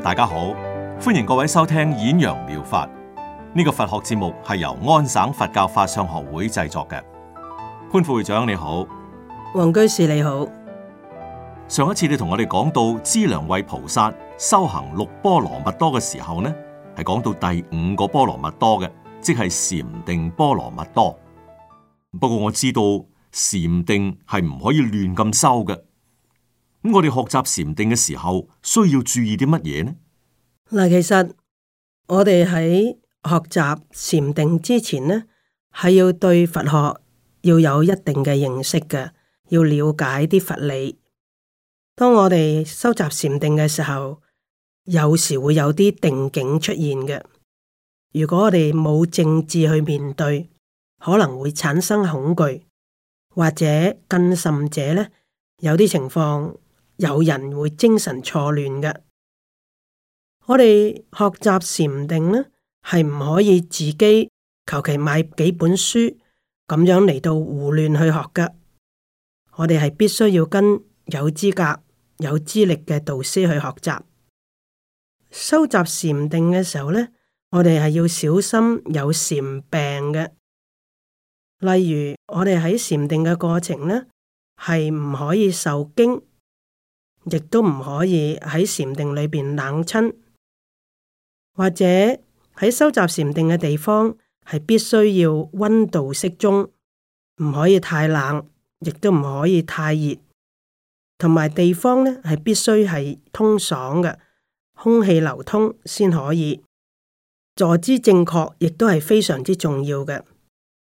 大家好，歡迎各位收聽《演揚妙，妙法》呢個佛學節目，係由安省佛教法相學會製作嘅。潘副會長你好，黃居士你好。上一次你同我哋講到知良為菩薩修行六波羅蜜多嘅時候呢，係講到第五個波羅蜜多嘅，即係禪定波羅蜜多。不過我知道禪定係唔可以亂咁修嘅。咁我哋學習禪定嘅時候，需要注意啲乜嘢呢？嗱，其實我哋喺學習禪定之前呢，係要對佛學要有一定嘅認識嘅，要了解啲佛理。當我哋修習禪定嘅時候，有時會有啲定境出現嘅。如果我哋冇正智去面對，可能會產生恐懼，或者更甚者呢，有啲情況。有人會精神錯亂嘅，我哋學習禪定呢，係唔可以自己求其買幾本書咁樣嚟到胡亂去學嘅，我哋係必須要跟有資格、有資歷嘅導師去學習。收集禪定嘅時候呢，我哋係要小心有禪病嘅，例如我哋喺禪定嘅過程呢，係唔可以受驚，亦都唔可以喺禪定裏邊冷親，或者喺收集禪定嘅地方係必須要溫度適中，唔可以太冷，亦都唔可以太熱。同埋地方呢係必須係通爽嘅，空氣流通先可以，坐姿正確亦都係非常之重要嘅。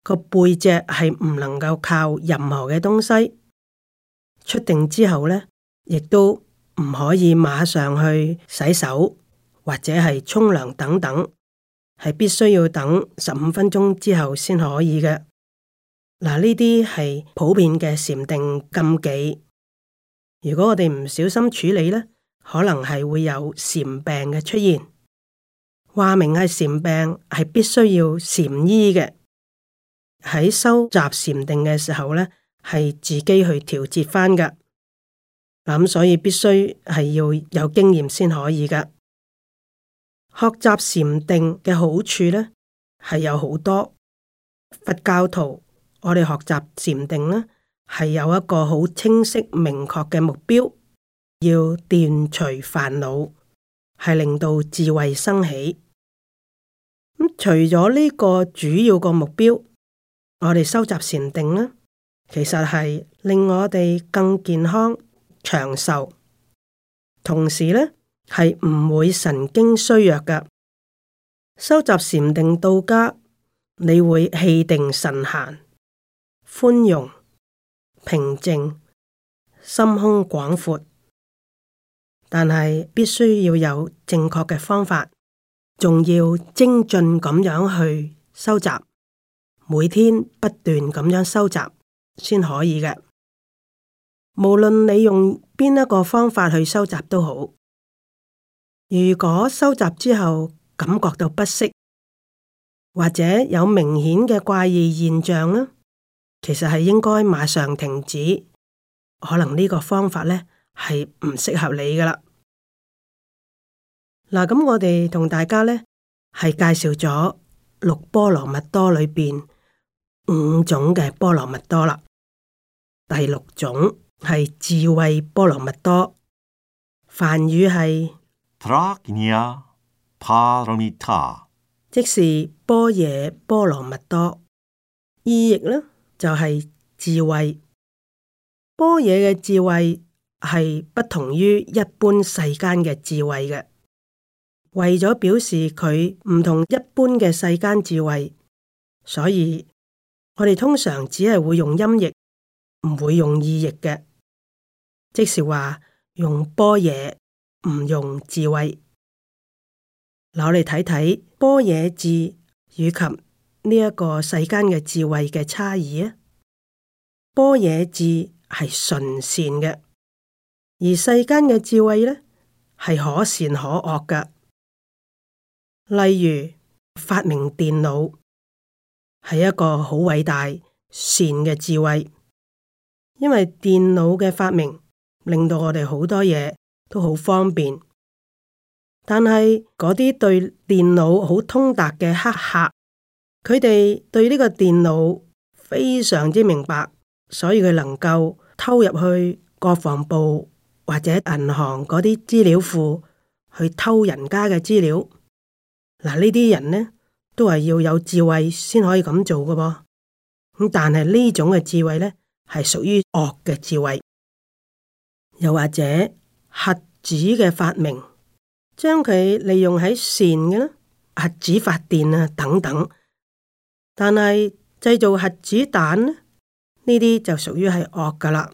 個背脊係唔能夠靠任何嘅東西。出定之後呢，亦都唔可以馬上去洗手或者係沖涼等等，係必須要等十五分鐘之後先可以嘅。嗱，呢啲係普遍嘅禪定禁忌。如果我哋唔小心處理呢，可能係會有禪病嘅出現。話明係禪病係必須要禪醫嘅。喺修習禪定嘅時候呢，係自己去調節翻嘅。咁、嗯、所以必須係要有經驗先可以㗎。學習禪定嘅好處呢，係有好多。佛教徒我哋學習禪定呢，係有一個好清晰明確嘅目標，要斷除煩惱，係令到智慧生起。咁、嗯、除咗呢個主要個目標，我哋收集禪定呢，其實係令我哋更健康，長壽，同時呢，係唔會神經衰弱噶。收集禪定到家，你會氣定神閒、寬容、平靜、心胸廣闊。但係必須要有正確嘅方法，仲要精進咁樣去收集，每天不斷咁樣收集先可以嘅。無論你用邊一個方法去收集都好，如果收集之後感覺到不適，或者有明顯嘅怪異現象，呢其實係應該馬上停止，可能呢個方法呢係唔適合你㗎啦。嗱，咁我哋同大家呢係介紹咗六波羅蜜多裏邊五種嘅波羅蜜多啦，第六種。係智慧波羅蜜多，梵語係 prajñā pāramitā，即是般若波羅蜜多。意譯咧就係、是、智慧。般若嘅智慧係不同於一般世間嘅智慧嘅。為咗表示佢唔同一般嘅世間智慧，所以我哋通常只係會用音譯，唔會用意譯嘅。即是話，用般若唔用智慧，我哋睇睇般若智以及呢一個世間嘅智慧嘅差異。般若智係純善嘅，而世間嘅智慧咧係可善可惡嘅。例如發明電腦係一個好偉大善嘅智慧，因為電腦嘅發明。令到我哋好多嘢都好方便，但係嗰啲對電腦好通達嘅黑客，佢哋對呢個電腦非常之明白，所以佢能夠偷入去國防部或者銀行嗰啲資料庫去偷人家嘅資料。嗱，呢啲人呢都係要有智慧先可以咁做嘅噃。咁但係呢種嘅智慧呢，係屬於惡嘅智慧。又或者核子嘅發明，將佢利用喺善嘅核子發電啊等等。但係製造核子彈呢？呢啲就屬於係惡㗎喇。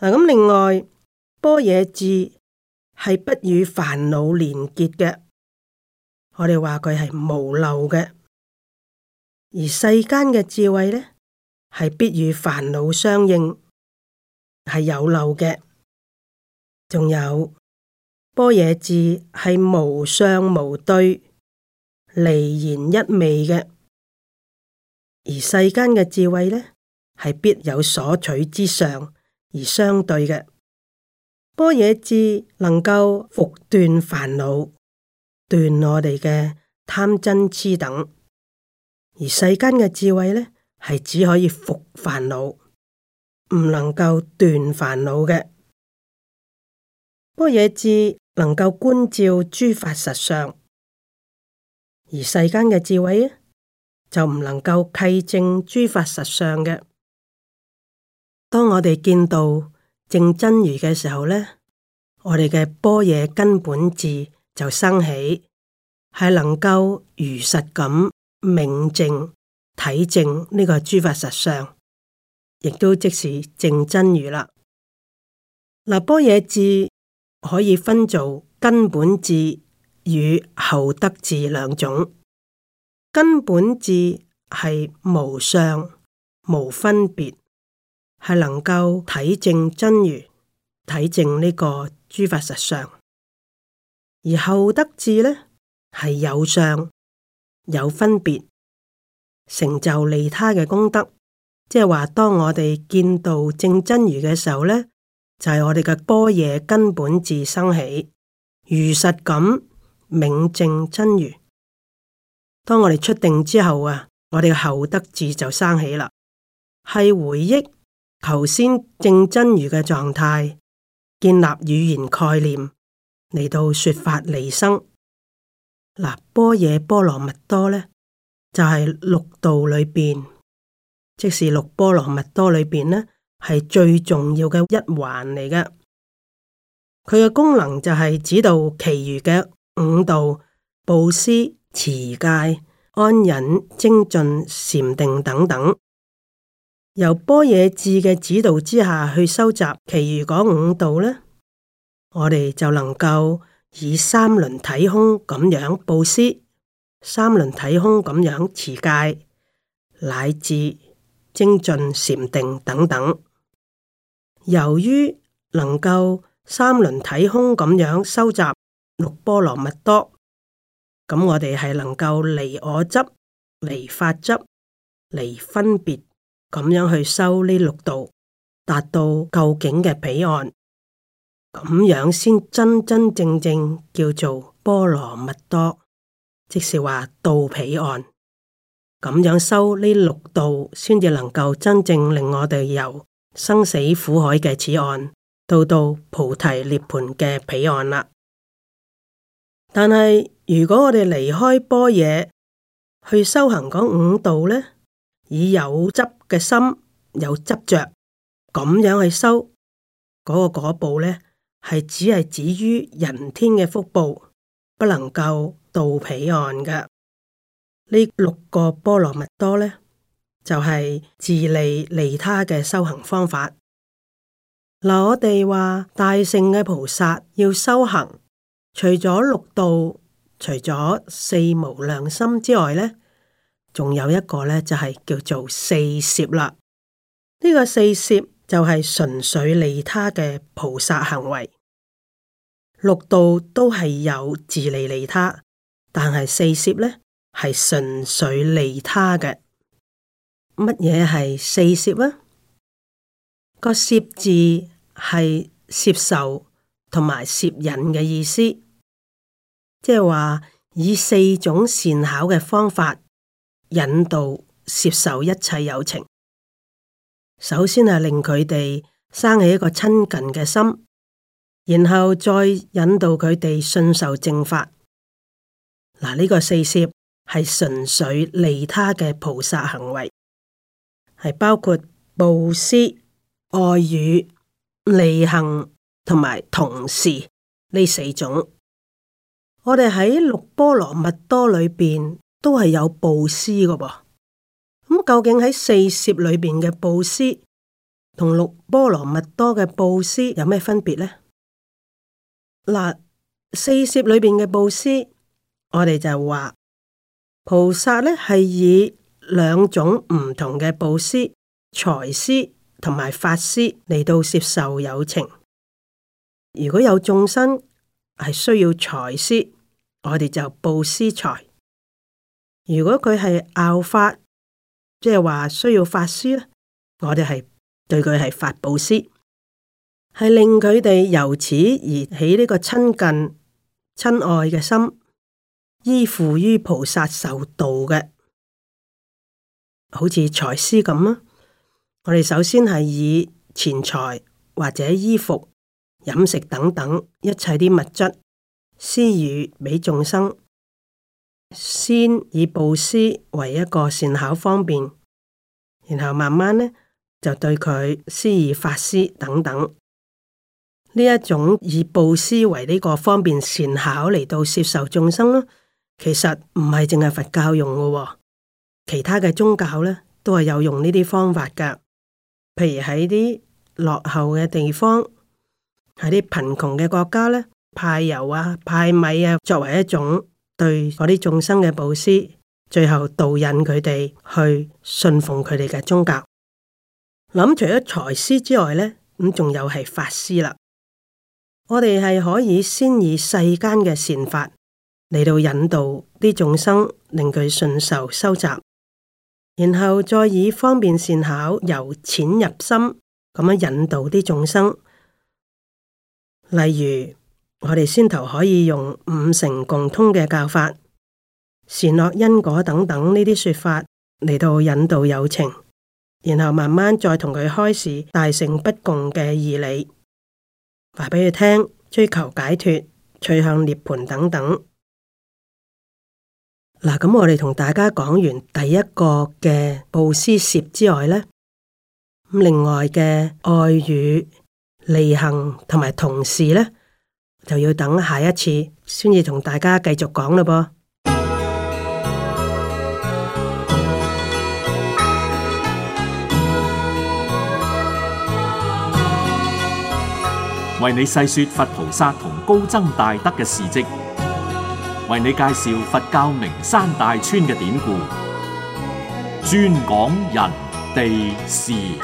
嗱咁，另外般若智係不與煩惱連結嘅，我哋話佢係無漏嘅。而世間嘅智慧呢，係必與煩惱相應。係有漏嘅。仲有般若智係無相無對、離言一味嘅，而世間嘅智慧呢，係必有所取之上而相對嘅。般若智能夠伏斷煩惱，斷我哋嘅貪嗔癡等，而世間嘅智慧呢，係只可以伏煩惱。唔能夠斷煩惱嘅，般若智能夠觀照諸法實相，而世間嘅智慧啊，就唔能夠契證諸法實相嘅。當我哋見到正真如嘅時候咧，我哋嘅般若根本智就生起，係能夠如實咁明證、體證呢個諸法實相。亦都即是正真如啦。立波惹智可以分做根本智與後得智兩種。根本智係無相、無分別，係能夠體證真如、體證呢個諸法實相；而後得智呢，係有相、有分別，成就利他嘅功德。即係話，當我哋見到正真如嘅時候呢，就係、是、我哋嘅般若根本自生起如實咁明正真如。當我哋出定之後啊，我哋嘅後得智就生起喇。係回憶頭先正真如嘅狀態，建立語言概念嚟到說法離生。嗱，般若波羅蜜多呢，就係、是、六度裏邊。即是六波羅蜜多裏邊呢，係最重要嘅一環嚟嘅。佢嘅功能就係指導其餘嘅五度，布施、持戒、安忍、精進、禪定等等，由般若智嘅指導之下去收集其餘嗰五度呢，我哋就能夠以三輪體空咁樣布施，三輪體空咁樣持戒，乃至。精進禪定等等，由於能夠三輪體空咁樣收集六波羅蜜多，咁我哋係能夠離我執、離法執、離分別，咁樣去修呢六度，達到究竟嘅彼岸，咁樣先真真正正叫做波羅蜜多，即是話到彼岸。咁樣修呢六度，先至能夠真正令我哋由生死苦海嘅此岸，到到菩提涅槃嘅彼岸啦。但係如果我哋離開般若去修行嗰五度呢，以有執嘅心有執着，咁樣去修嗰、嗰個果報咧，係只係止於人天嘅福報，不能夠到彼岸噶。呢六個波羅蜜多呢，就係、是、自利利他嘅修行方法。嗱，我哋話大乘嘅菩薩要修行，除咗六度，除咗四無量心之外呢，仲有一個呢，就係、是、叫做四攝啦。呢、這個四攝就係純粹利他嘅菩薩行為。六度都係有自利利他，但係四攝呢。係純粹利他嘅。乜嘢係四攝啊？個攝字係攝受同埋攝引嘅意思，即係話以四種善巧嘅方法引導攝受一切友情。首先係令佢哋生起一個親近嘅心，然後再引導佢哋信受正法。嗱，呢個四攝。係純粹利他嘅菩薩行為，係包括布施、愛語、利行同埋同事呢四種。我哋喺六波羅蜜多裏邊都係有布施㗎噃。咁究竟喺四攝裏邊嘅布施同六波羅蜜多嘅布施有咩分別呢？嗱，四攝裏邊嘅布施，我哋就話。菩薩咧係以兩種唔同嘅布施，財施同埋法施嚟到攝受有情。如果有眾生係需要財施，我哋就布施財；如果佢係拗法，即係話需要法施咧，我哋係對佢係法布施，係令佢哋由此而起呢個親近、親愛嘅心。依附於菩薩受道嘅，好似財施咁啊！我哋首先係以錢財或者衣服、飲食等等一切啲物質施予俾眾生，先以布施為一個善巧方便，然後慢慢咧就對佢施以法施等等。呢一種以布施為呢個方便善巧嚟到攝受眾生咯。其實唔係淨係佛教用嘅，哦，其他嘅宗教咧都係有用呢啲方法噶。譬如喺啲落後嘅地方，喺啲貧窮嘅國家咧，派油啊、派米啊，作為一種對嗰啲眾生嘅布施，最後導引佢哋去信奉佢哋嘅宗教。咁，嗯、除咗財施之外咧，咁，嗯、仲有係法施啦。我哋係可以先以世間嘅善法。嚟到引導啲眾生，令佢順受收集，然後再以方便善巧由淺入深咁樣引導啲眾生。例如，我哋先頭可以用五乘共通嘅教法、善惡因果等等呢啲說法嚟到引導有情，然後慢慢再同佢開示大乘不共嘅義理，話畀佢聽，追求解脫、趨向涅槃等等。嗱，咁我哋同大家講完第一個嘅布施攝之外咧，另外嘅愛語、利行同埋同事咧，就要等下一次先至同大家繼續講嘞噃。為你細說佛菩薩同高僧大德嘅事跡。為你介紹佛教名山大川嘅典故，專講人地事。士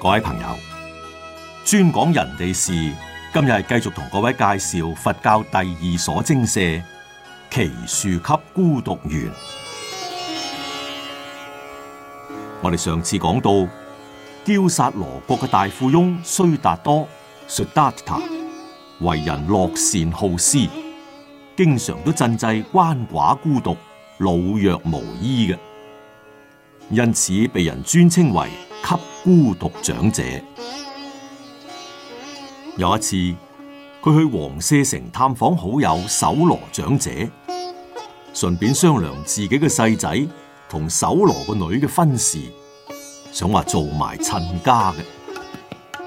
各位朋友，專講人地事，今日係繼續同各位介紹佛教第二所精舍——祇樹給孤獨園。我哋上次講到，鳩殺羅國嘅大富翁須達多，須達多為人樂善好施，經常都賑濟、鰥寡孤獨、老弱無依嘅，因此被人尊稱為給孤獨長者。有一次，佢去王舍城探訪好友守羅長者，順便商量自己嘅細仔。同守羅個女嘅婚事，想話做埋親家嘅。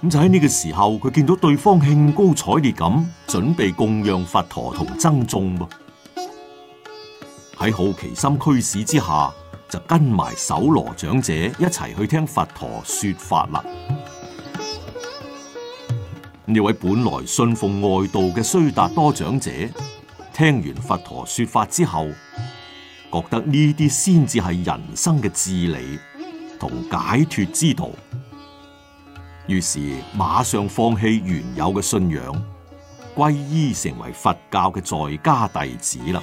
咁就喺呢個時候，佢見到對方興高采烈咁準備供養佛陀同僧眾喎，喺好奇心驅使之下，就跟埋守羅長者一齊去聽佛陀說法啦。呢位本來信奉外道嘅須達多長者，聽完佛陀說法之後。覺得呢啲先至係人生嘅治理同解脱之道，於是馬上放棄原有嘅信仰，皈依成為佛教嘅在家弟子啦。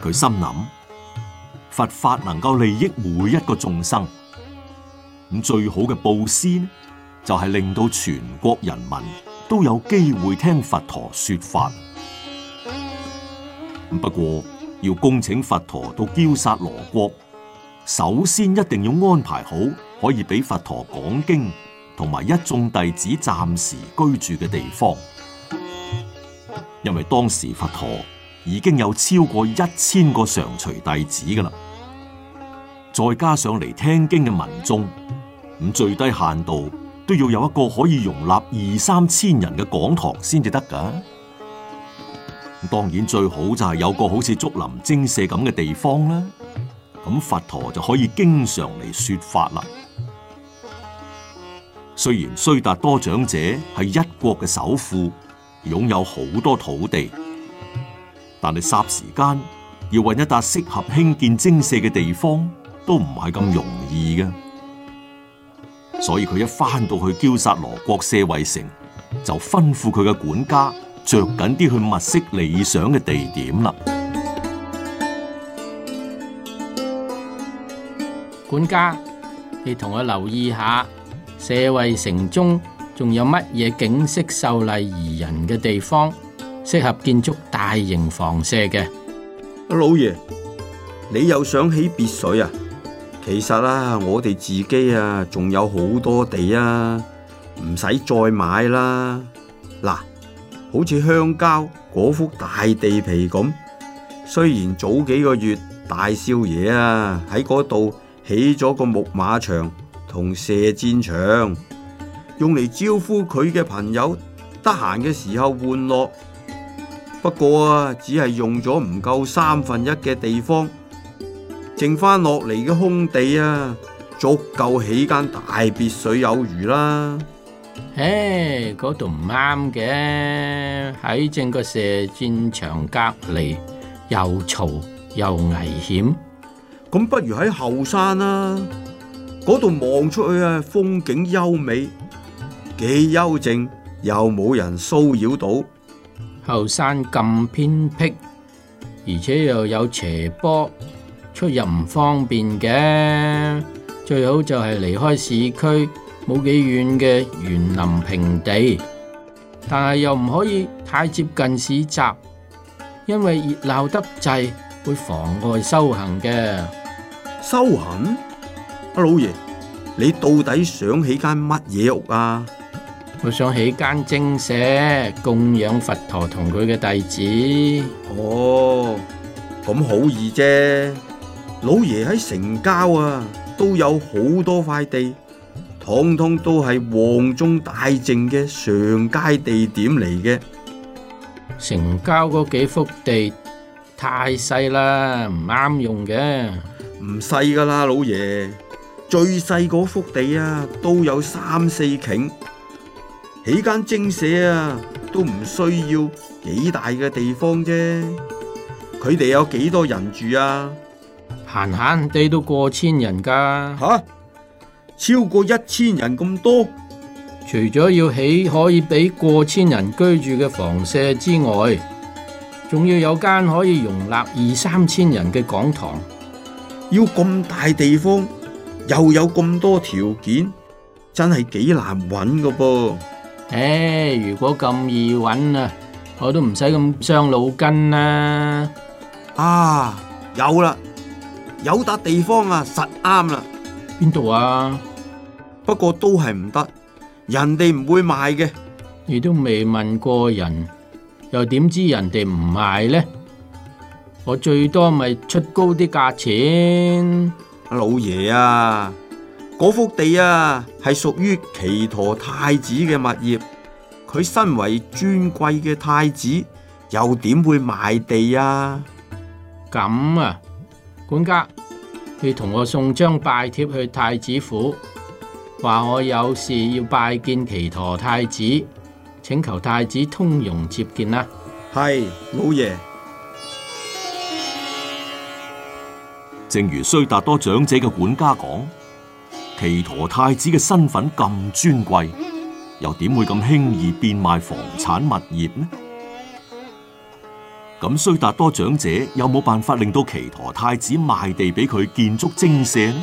佢心諗，佛法能夠利益每一個眾生，咁最好嘅布施就係、是、令到全國人民都有機會聽佛陀說法。不過要恭請佛陀到憍薩羅國，首先一定要安排好可以俾佛陀講經同埋一眾弟子暫時居住嘅地方，因為當時佛陀已經有超過一千個常隨弟子噶啦，再加上嚟聽經嘅民眾，咁最低限度都要有一個可以容納二三千人嘅講堂先至得噶。當然最好就係有個好似竹林精舍咁嘅地方啦，咁佛陀就可以經常嚟說法啦。雖然須達多長者係一國嘅首富，擁有好多土地，但係霎時間要搵一笪適合興建精舍嘅地方，都唔係咁容易嘅。所以佢一返到去憍薩羅國舍衛城，就吩咐佢嘅管家，着緊啲去物色理想嘅地點啦，管家，你同我留意下，舍衛城中仲有乜嘢景色秀麗宜人嘅地方，適合建築大型房舍嘅？阿老爺，你又想起別墅啊？其實啦，我哋自己啊，仲有好多地啊，唔使再買啦。嗱。好似香蕉嗰幅大地皮咁，雖然早幾個月大少爺啊喺嗰度起咗個木馬場同射箭場，用嚟招呼佢嘅朋友，得閒嘅時候玩樂。不過啊，只係用咗唔夠三分一嘅地方，剩翻落嚟嘅空地啊，足夠起間大別墅有餘啦。誒，嗰度唔啱嘅，喺正個射箭場隔離，又嘈又危險。咁不如喺後山啦，啊，嗰度望出去啊，風景優美，幾幽靜又冇人騷擾到。後山咁偏僻，而且又有斜坡，出入唔方便嘅。最好就係離開市區。冇幾遠嘅園林平地，但係又唔可以太接近市集，因為熱鬧得滯會妨礙修行嘅。修行阿、啊、老爺，你到底想起間乜嘢屋啊？我想起間精舍，供養佛陀同佢嘅弟子。哦，咁好易啫、啊，老爺喺城郊啊，都有好多塊地。通通都係旺中帶靜嘅上街地點嚟嘅。成交嗰幾幅地太細啦，唔啱用嘅。唔細噶啦，老爺，最細嗰幅地啊都有三四頃。起間精舍啊都唔需要幾大嘅地方啫，佢哋有幾多人住啊？閒閒地都過千人噶。吓、啊。超過一千人咁多，除咗要起可以俾過千人居住嘅房舍之外，仲要有間可以容納二三千人嘅講堂，要咁大地方，又有咁多條件，真係幾難揾㗎噃。唉、欸，如果咁易揾啊，我都唔使咁傷腦筋啦。啊，有啦，有笪地方啊，實啱啦。邊度啊？不過都係唔得，人哋唔會賣嘅。你都未問過人，又點知人哋唔賣呢？我最多咪出高啲價錢。老爺啊，嗰幅地啊係屬於祇陀太子嘅物業，佢身為尊貴嘅太子，又點會賣地啊？咁啊，管家，你同我送張拜帖去太子府。話我有事要拜見祇陀太子，請求太子通融接見啦。係老爺，正如須達多長者嘅管家講，祇陀太子嘅身份咁尊貴，又點會咁輕易變賣房產物業呢？咁須達多長者有冇辦法令到祇陀太子賣地俾佢建築精舍呢？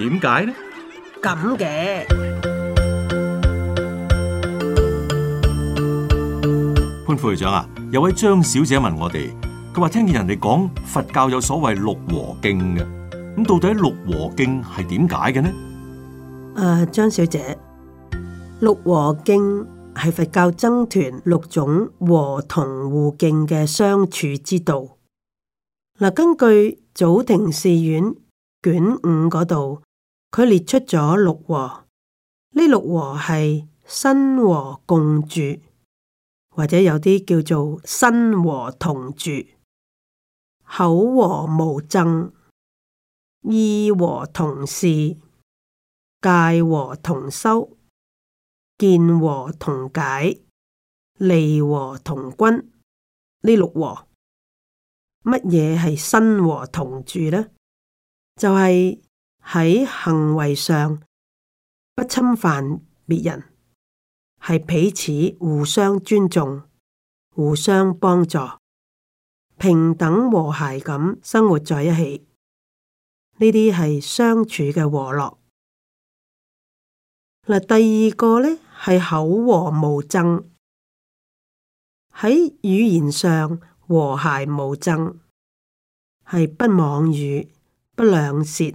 點解呢？咁嘅潘副長啊，有位張小姐問我哋，佢話聽見人哋講佛教有所謂六和敬嘅，咁到底六和敬係點解嘅呢？誒，張小姐，六和敬係佛教僧團六種和同互敬嘅相處之道。嗱，根據《祖庭寺院卷五》嗰度。佢列出咗六和，呢六和係身和共住，或者有啲叫做身和同住，口和無諍，意和同事，戒和同修，見和同解，利和同均。呢六和乜嘢係身和同住呢？就係，是。喺行為上不侵犯別人，係彼此互相尊重、互相幫助、平等和諧咁生活在一起，呢啲係相處嘅和樂。嗱，第二個咧係口和無爭，喺語言上和諧無爭，係不妄語、不兩舌。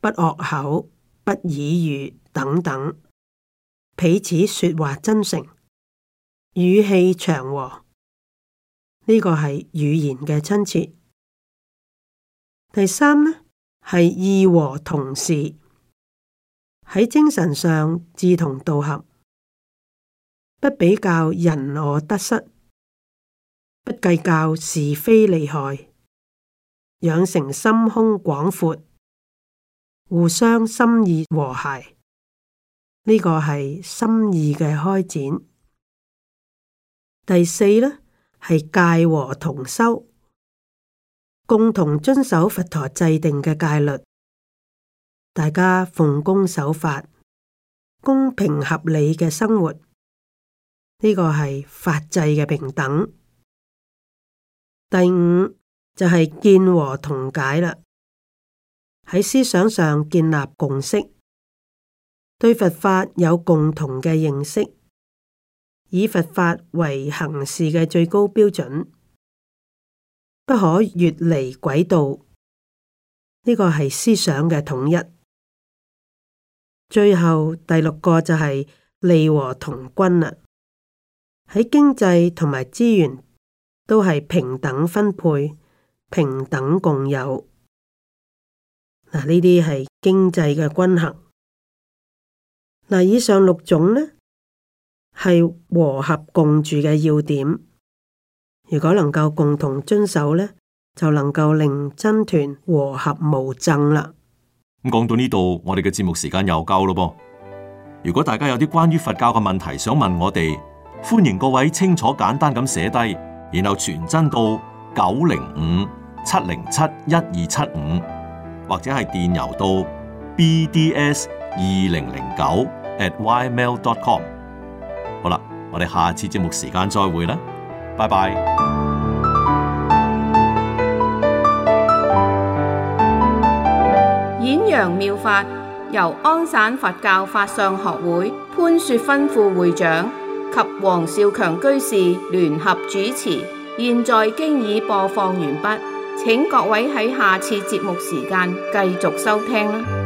不惡口，不綺語，等等，彼此說話真誠，語氣祥和，呢、這個係語言嘅親切。第三呢係意和同事，喺精神上志同道合，不比較人我、呃、得失，不計較是非利害，養成心胸廣闊，互相心意和諧，呢個係心意嘅開展。第四呢係戒和同修，共同遵守佛陀制定嘅戒律，大家奉公守法，公平合理嘅生活，呢個係法制嘅平等。第五就係見和同解啦。喺思想上建立共識，對佛法有共同嘅認識，以佛法為行事嘅最高標準，不可越離軌道。呢個係思想嘅統一。最後第六個就係利和同均啦，喺經濟同埋資源都係平等分配，平等共有。嗱，呢啲係經濟嘅均衡。嗱，以上六種呢係和合共住嘅要點。如果能夠共同遵守呢，就能夠令僧團和合無爭啦。咁講到呢度，我哋嘅節目時間又夠咯噃。如果大家有啲關於佛教嘅問題想問我哋，歡迎各位清楚簡單咁寫低，然後傳真到九零五七零七一二七五。或者係電郵到 bds 二零零九 atymail.com。好啦，我哋下次節目時間再會啦，拜拜。演揚妙法由安省佛教法相學會潘雪芬副會長及黃少強居士聯合主持，現在經已播放完畢。請各位喺下次節目時間繼續收聽啦。